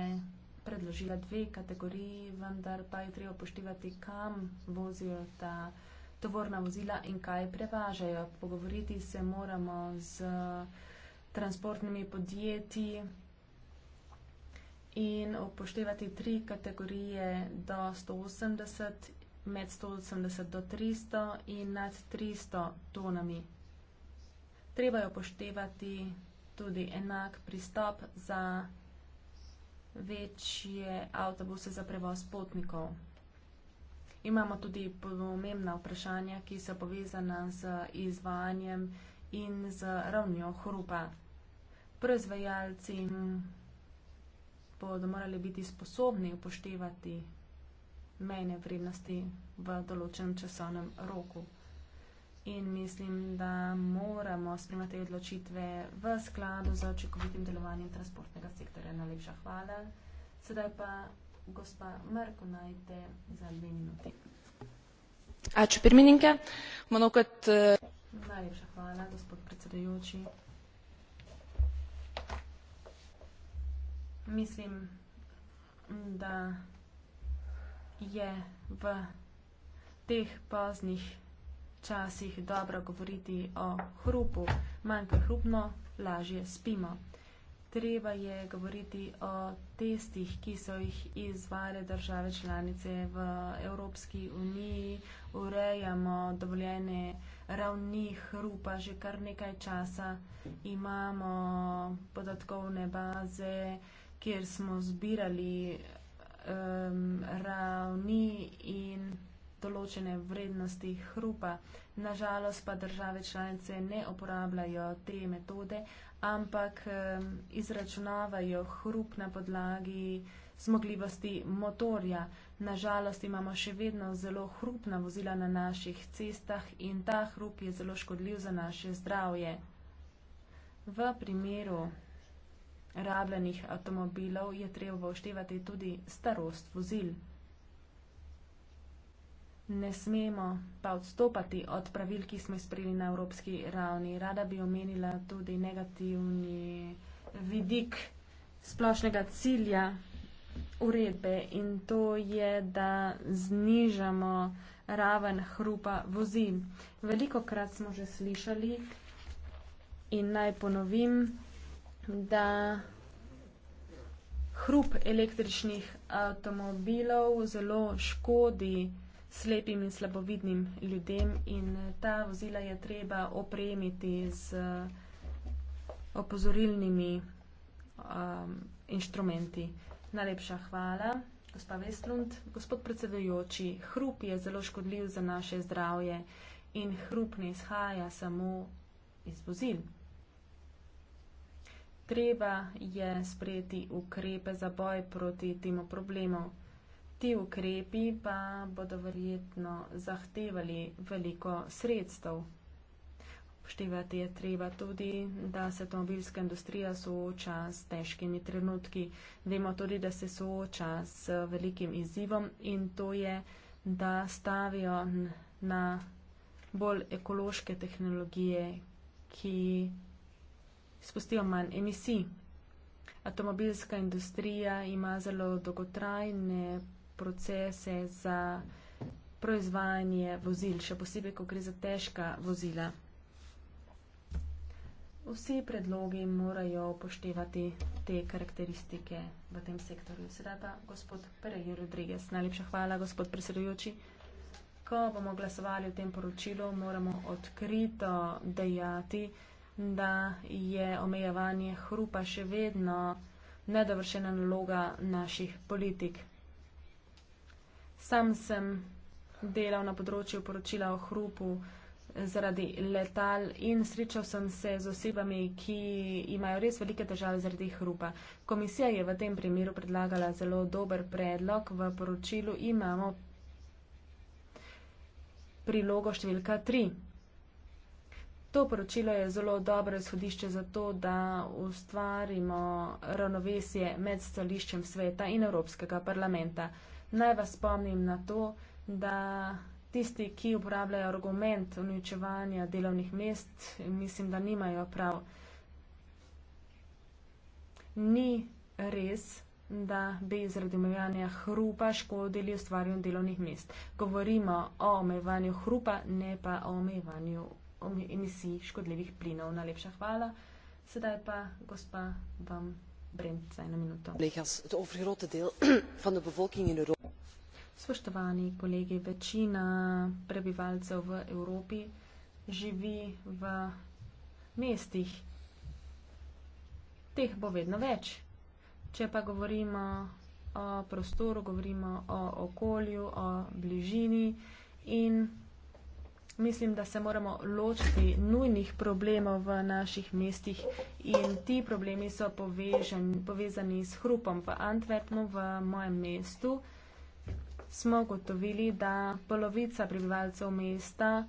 predložila dve kategoriji, vendar pa je treba upoštevati, kam vozijo ta vozila tovorna vozila in kaj prevažajo. Pogovoriti se moramo z transportnimi podjetji in upoštevati tri kategorije do 180, med 180 do 300 in nad 300 tonami. Treba je upoštevati tudi enak pristop za večje avtobuse za prevoz potnikov. Imamo tudi pomembna vprašanja, ki so povezana z izvajanjem in z ravnjo hrupa. Proizvajalci bodo morali biti sposobni upoštevati mejne vrednosti v določenem časovnem roku. In mislim, da moramo spremljati te odločitve v skladu z očekovitim delovanjem transportnega sektorja. Najlepša hvala. Sedaj pa Gospa Marko, naite za dve minuti. Ačiū pirmininkė. Manau, kad. Eh, Najlepša hvala, gospod predsedajoči. Mislim, da je v teh poznih časih dobro govoriti o hrupu. Manj kot hrupno, lažje spimo treba je govoriti o testih, ki so jih izvale države članice v Evropski uniji. Urejamo dovoljene ravni hrupa, že kar nekaj časa imamo podatkovne baze, kjer smo zbirali um, ravni in določene vrednosti hrupa. Nažalost pa države članice ne uporabljajo te metode, ampak izračunavajo hrup na podlagi zmogljivosti motorja. Nažalost imamo še vedno zelo hrupna vozila na naših cestah in ta hrup je zelo škodljiv za naše zdravje. V primeru rabljenih avtomobilov je treba uštevati tudi starost vozil ne smemo pa odstopati od pravil, ki smo izprili na evropski ravni. Rada bi omenila tudi negativni vidik splošnega cilja uredbe in to je, da znižamo raven hrupa vozil. Veliko krat smo že slišali in naj ponovim, da hrup električnih avtomobilov zelo škodi slepim in slabovidnim ljudem, in eh, ta vozila je treba opremiti z eh, opozorilnimi um, inštrumenti. Najlepša hvala, gospa Vestlund. Gospod predsedujoči, hrup je zelo škodljiv za naše zdravje in hrup ne izhaja samo iz vozil. Treba je sprejeti ukrepe za boj proti temu problemu. Ti ukrepi pa bodo verjetno zahtevali veliko sredstev. Upoštevati je treba tudi, da se avtomobilska industrija sooča s težkimi trenutki. Vemo tudi, da se sooča s velikim izzivom in to je, da stavijo na bolj ekološke tehnologije, ki spustijo manj emisij. Avtomobilska industrija ima zelo dolgotrajne procese za proizvajanje vozil, še posebej, ko gre za težka vozila. Vsi predlogi morajo upoštevati te karakteristike v tem sektorju. Sedaj pa gospod Perej Rodriguez. Najlepša hvala, gospod predsedujoči. Ko bomo glasovali o tem poročilu, moramo odkrito dejati, da je omejevanje hrupa še vedno nedovršena naloga naših politik. Sam sem delal na področju poročila o hrupu zaradi letal in srečal sem se z osebami, ki imajo res velike težave zaradi hrupa. Komisija je v tem primeru predlagala zelo dober predlog. V poročilu imamo prilogo številka 3. To poročilo je zelo dobro izhodišče za to, da ustvarimo ravnovesje med stališčem sveta in Evropskega parlamenta. Naj vas spomnim na to, da tisti, ki uporabljajo argument uničevanja delovnih mest, mislim, da nimajo prav. Ni res, da bi zaradi omejevanja hrupa škodili ustvarjanju delovnih mest. Govorimo o omejevanju hrupa, ne pa o omejevanju emisij škodljivih plinov. Najlepša hvala. Sedaj pa, gospa, vam. Spoštovani kolegi, večina prebivalcev v Evropi živi v mestih. Teh bo vedno več. Če pa govorimo o prostoru, govorimo o okolju, o bližini in mislim, da se moramo ločiti nujnih problemov v naših mestih in ti problemi so povežen, povezani s hrupom v Antwerpnu, v mojem mestu. Smo gotovili, da polovica prebivalcev mesta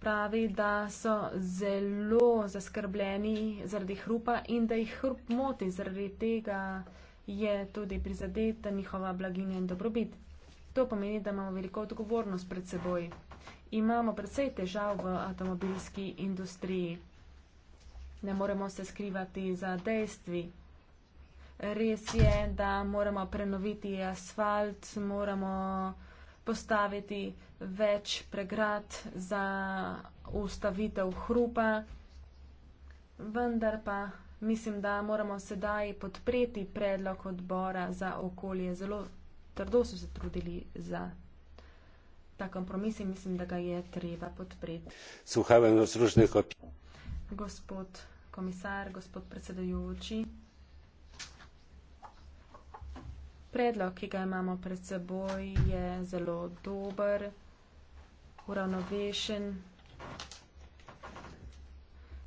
pravi, da so zelo zaskrbljeni zaradi hrupa in da jih hrup moti, zaradi tega je tudi prizadeta njihova blaginja in dobrobit. To pomeni, da imamo veliko odgovornost pred seboj imamo precej težav v avtomobilski industriji. Ne moremo se skrivati za dejstvi. Res je, da moramo prenoviti asfalt, moramo postaviti več pregrad za ustavitev hrupa, vendar pa mislim, da moramo sedaj podpreti predlog odbora za okolje. Zelo trdo so se trudili za ta kompromis in mislim, da ga je treba podpreti. Sluhavam vas ružne kopije. Gospod komisar, gospod predsedujoči. Predlog, ki ga imamo pred seboj, je zelo dober, uravnovešen.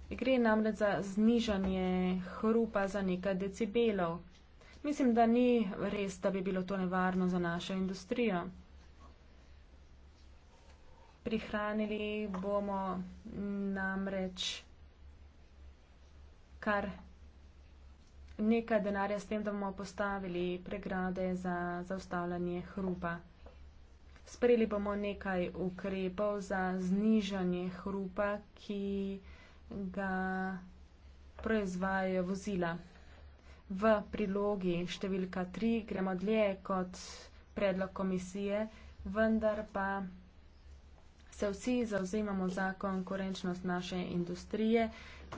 Gre namreč za znižanje hrupa za nekaj decibelov. Mislim, da ni res, da bi bilo to nevarno za našo industrijo prihranili bomo namreč kar nekaj denarja s tem, da bomo postavili pregrade za zaustavljanje hrupa. Sprejeli bomo nekaj ukrepov za znižanje hrupa, ki ga proizvajajo vozila. V prilogi številka 3 gremo dlje kot predlog komisije, vendar pa se vsi zauzemamo za konkurenčnost naše industrije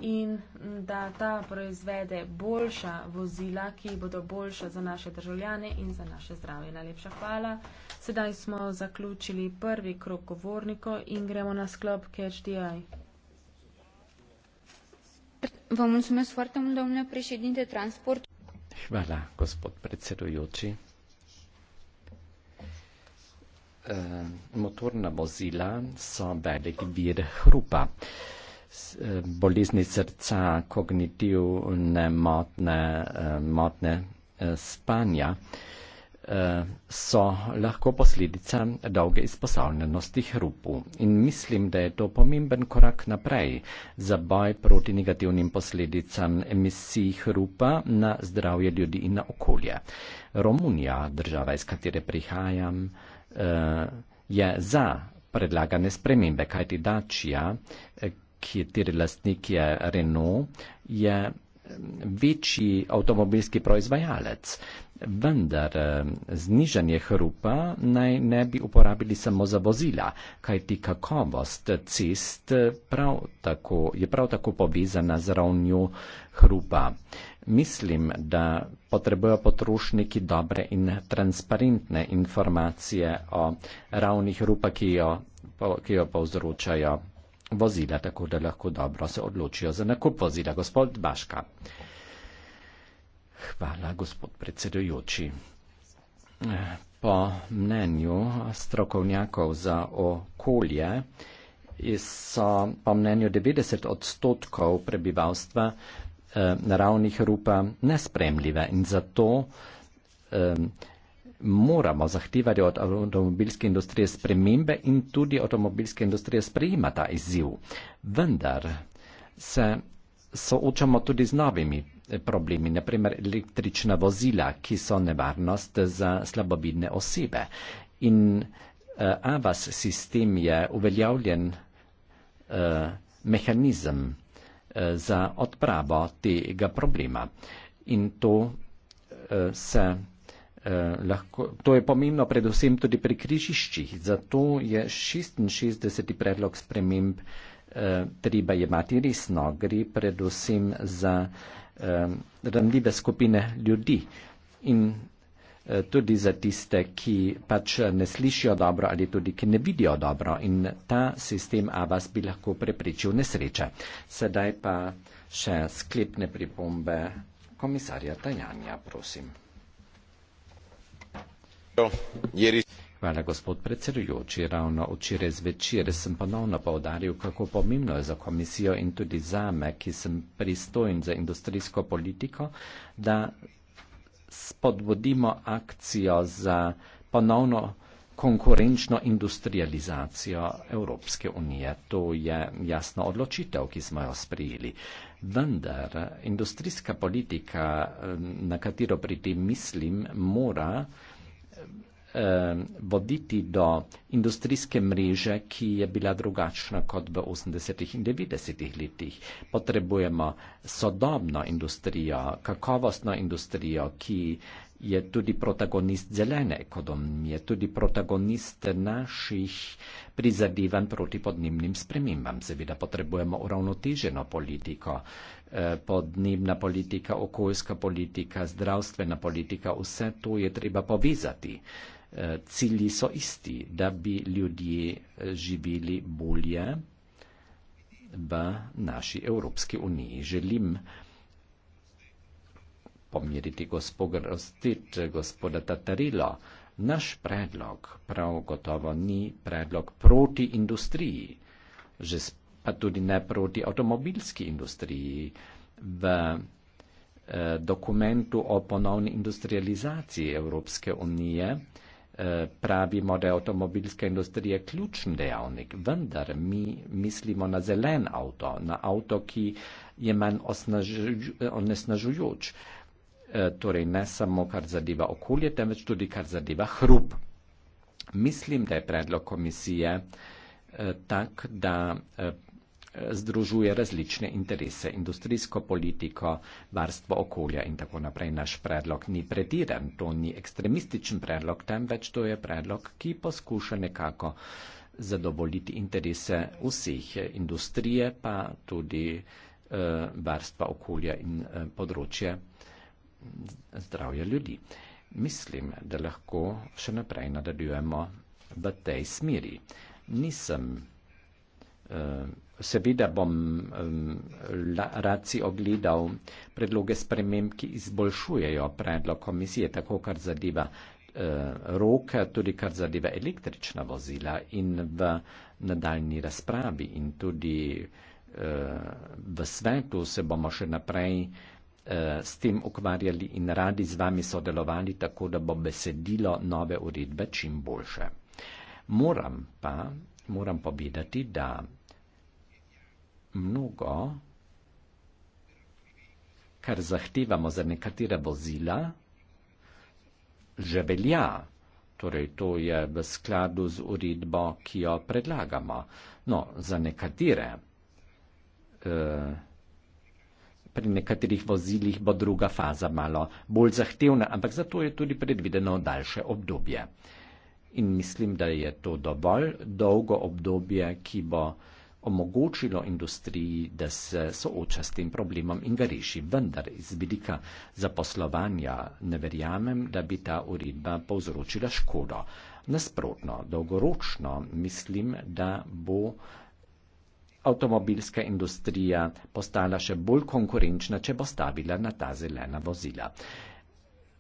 in da ta proizvede boljša vozila, ki bodo boljša za naše državljane in za naše zdravje. Najlepša hvala. Sedaj smo zaključili prvi krok govornikov in gremo na sklop CatchDI. Vam mulțumesc foarte mult, domnule președinte, transport. Hvala, gospod predsedujoči. Eh, motorna vozila so velik vir hrupa. Eh, bolezni srca, kognitivne eh, motne, motne spanja so lahko posledica dolge izpostavljenosti hrupu. In mislim, da je to pomemben korak naprej za boj proti negativnim posledicam emisij hrupa na zdravje ljudi in na okolje. Romunija, država, iz katere prihajam, uh, je za predlagane spremembe, kajti Dačija, kateri lastnik je Renault, je večji avtomobilski proizvajalec. Vendar znižanje hrupa naj ne bi uporabili samo za vozila, kajti kakovost cest prav tako, je prav tako povezana z ravnjo hrupa. Uh, Mislim, da potrebujo potrošniki dobre in transparentne informacije o ravni hrupa, ki jo, ki jo povzročajo vozila, tako da lahko dobro se odločijo za nakup vozila. Gospod Baška. Hvala, gospod predsedujoči. Po mnenju strokovnjakov za okolje so po mnenju 90 odstotkov prebivalstva Eh, naravnih rupa nespremljive in zato eh, moramo zahtevati od avtomobilske industrije spremembe in tudi avtomobilske industrije sprejema ta izziv. Vendar se soočamo tudi z novimi eh, problemi, naprimer električna vozila, ki so nevarnost za slabobidne osebe. In uh, AVAS sistem je uveljavljen uh, mehanizem, uh, Eh, za odpravo tega problema. In to eh, se eh, lahko, to je pomembno predvsem tudi pri križiščih, zato je 66. predlog sprememb treba jemati resno. Gre predvsem za ranljive skupine ljudi. In Eh, tudi za tiste, ki pač ne slišijo dobro ali tudi ki ne vidijo dobro. In ta sistem Abbas bi lahko preprečil nesreče. Sedaj pa še sklepne pripombe komisarja Tajanja, prosim. Hvala, gospod predsedujoči. Ravno včeraj zvečer sem ponovno povdaril, kako pomembno je za komisijo in tudi za me, ki sem pristojen za industrijsko politiko, da spodbudimo akcijo za ponovno konkurenčno industrializacijo Evropske unije. To je jasna odločitev, ki smo jo sprijeli. Vendar industrijska politika, na katero pri tem mislim, mora eh, voditi do industrijske mreže, ki je bila drugačna kot v 80-ih in 90-ih letih. Potrebujemo sodobno industrijo, kakovostno industrijo, ki je tudi protagonist zelene ekonomije, tudi protagonist naših prizadevanj proti podnebnim spremembam. Seveda potrebujemo uravnoteženo politiko, eh, podnebna politika, okoljska politika, zdravstvena politika, vse to je treba povezati cilji so isti, da bi ljudje živeli bolje v naši Evropski uniji. Želim pomiriti gospoda Tatarilo. Naš predlog prav gotovo ni predlog proti industriji, že pa tudi ne proti avtomobilski industriji. V eh, dokumentu o ponovni industrializaciji Evropske unije eh, pravimo, da je avtomobilska industrija ključen dejavnik, vendar mi mislimo na zelen avto, na avto, ki je manj onesnažujoč. E, torej ne samo kar zadeva okolje, temveč tudi kar zadeva hrup. Mislim, da je predlog komisije e, tak, da e, združuje različne interese, industrijsko politiko, varstvo okolja in tako naprej. Naš predlog ni prediren, to ni ekstremističen predlog, temveč to je predlog, ki poskuša nekako zadovoljiti interese vseh industrije, pa tudi eh, varstva okolja in eh, področje zdravja ljudi. Mislim, da lahko še naprej nadaljujemo v tej smeri. Nisem Eh, seveda bom rad si ogledal predloge sprememb, ki izboljšujejo predlog komisije, tako kar zadeva eh, roke, tudi kar zadeva električna vozila in v nadaljni razpravi in tudi eh, v svetu se bomo še naprej s tem ukvarjali in radi z vami sodelovali, tako da bo besedilo nove uredbe čim boljše. Moram pa, moram povedati, da mnogo, kar zahtevamo za nekatera vozila, že velja. Torej, to je v skladu z uredbo, ki jo predlagamo. No, za nekatere, eh, pri nekaterih vozilih bo druga faza malo bolj zahtevna, ampak zato je tudi predvideno daljše obdobje. In mislim, da je to dovolj dolgo obdobje, ki bo eh, omogočilo industriji, da se sooča s tem problemom in ga reši. Vendar iz vidika zaposlovanja ne verjamem, da bi ta uredba povzročila škodo. Nasprotno, dolgoročno mislim, da bo avtomobilska industrija postala še bolj konkurenčna, če bo stavila na ta zelena vozila.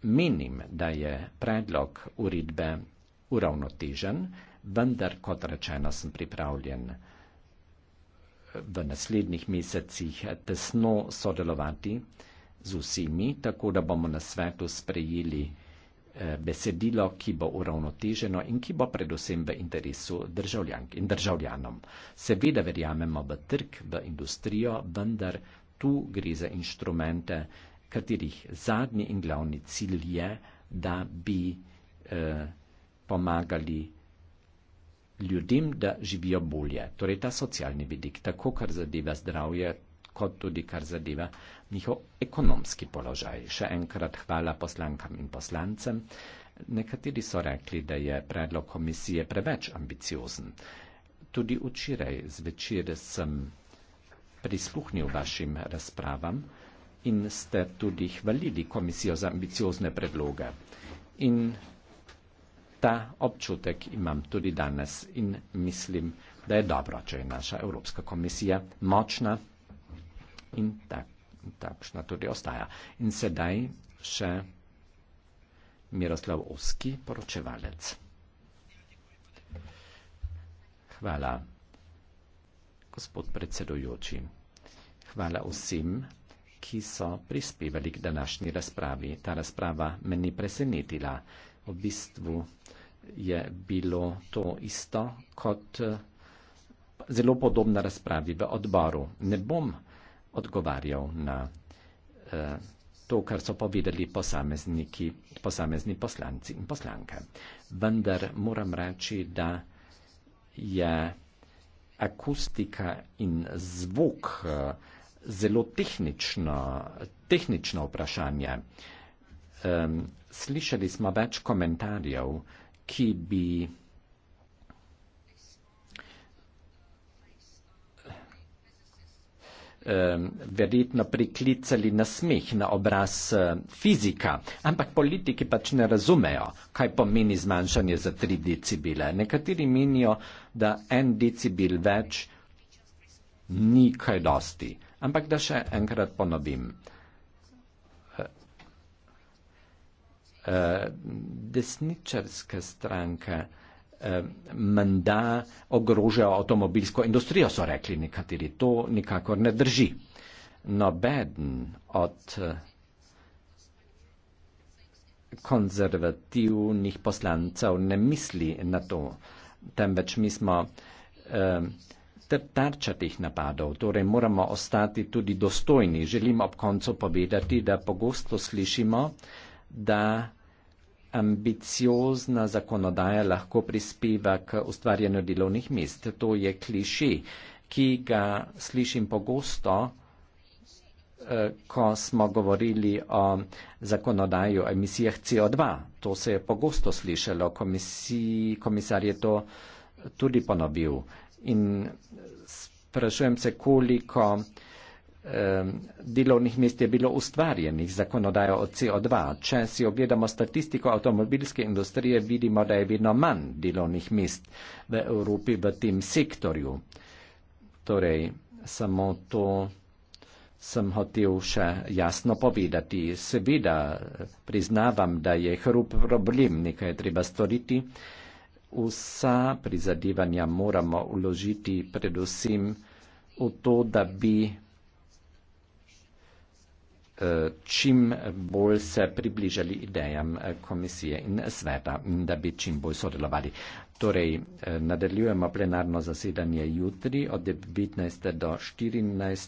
Menim, da je predlog uredbe uravnotežen, vendar kot rečeno sem pripravljen v naslednjih mesecih tesno sodelovati z vsemi, tako da bomo na svetu sprejeli eh, besedilo, ki bo uravnoteženo in ki bo predvsem v interesu državljank in državljanom. Seveda verjamemo v trg, v industrijo, vendar tu gre za inštrumente, katerih zadnji in glavni cilj je, da bi eh, pomagali ljudem, da živijo bolje. Torej ta socialni vidik, tako kar zadeva zdravje, kot tudi kar zadeva njihov ekonomski položaj. Še enkrat hvala poslankam in poslancem. Nekateri so rekli, da je predlog komisije preveč ambiciozen. Tudi včeraj zvečer sem prisluhnil vašim razpravam in ste tudi hvalili komisijo za ambiciozne predloge. In Ta občutek imam tudi danes in mislim, da je dobro, če je naša Evropska komisija močna in tak, takšna tudi ostaja. In sedaj še Miroslav Oski, poročevalec. Hvala, gospod predsedujoči. Hvala vsem, ki so prispevali k današnji razpravi. Ta razprava me ni presenetila v bistvu je bilo to isto kot eh, zelo podobna razpravi v odboru. Ne bom odgovarjal na eh, to, kar so povedali posamezniki, posamezni poslanci in poslanke. Vendar moram reči, da je akustika in zvok eh, zelo tehnično, tehnično vprašanje slišali smo več komentarjev, ki bi verjetno priklicali na smeh, na obraz eh, fizika. Ampak politiki pač ne razumejo, kaj pomeni zmanjšanje za 3 decibele. Nekateri menijo, da en decibel več ni kaj dosti. Ampak da še enkrat ponovim. Eh, desničarska stranka eh, menda ogroža avtomobilsko industrijo, so rekli nekateri. To nikakor ne drži. Nobeden od eh, konzervativnih poslancev ne misli na to, temveč mi smo tarča teh napadov, torej moramo ostati tudi dostojni. Želim ob koncu povedati, da pogosto slišimo, da ambiciozna zakonodaja lahko prispeva k ustvarjanju delovnih mest. To je kliši, ki ga slišim pogosto, eh, ko smo govorili o zakonodaji o emisijah CO2. To se je pogosto slišalo, komisar je to tudi ponovil. In sprašujem se, koliko delovnih mest je bilo ustvarjenih zakonodajo o CO2. Če si ogledamo statistiko avtomobilske industrije, vidimo, da je vedno manj delovnih mest v Evropi v tem sektorju. Torej, samo to sem hotel še jasno povedati. Seveda priznavam, da je hrup problem, nekaj je treba storiti. Vsa prizadevanja moramo uložiti predvsem v to, da bi čim bolj se približali idejam eh, komisije in sveta, da bi čim bolj sodelovali. Torej, eh, nadaljujemo plenarno zasedanje jutri od 19. do 14.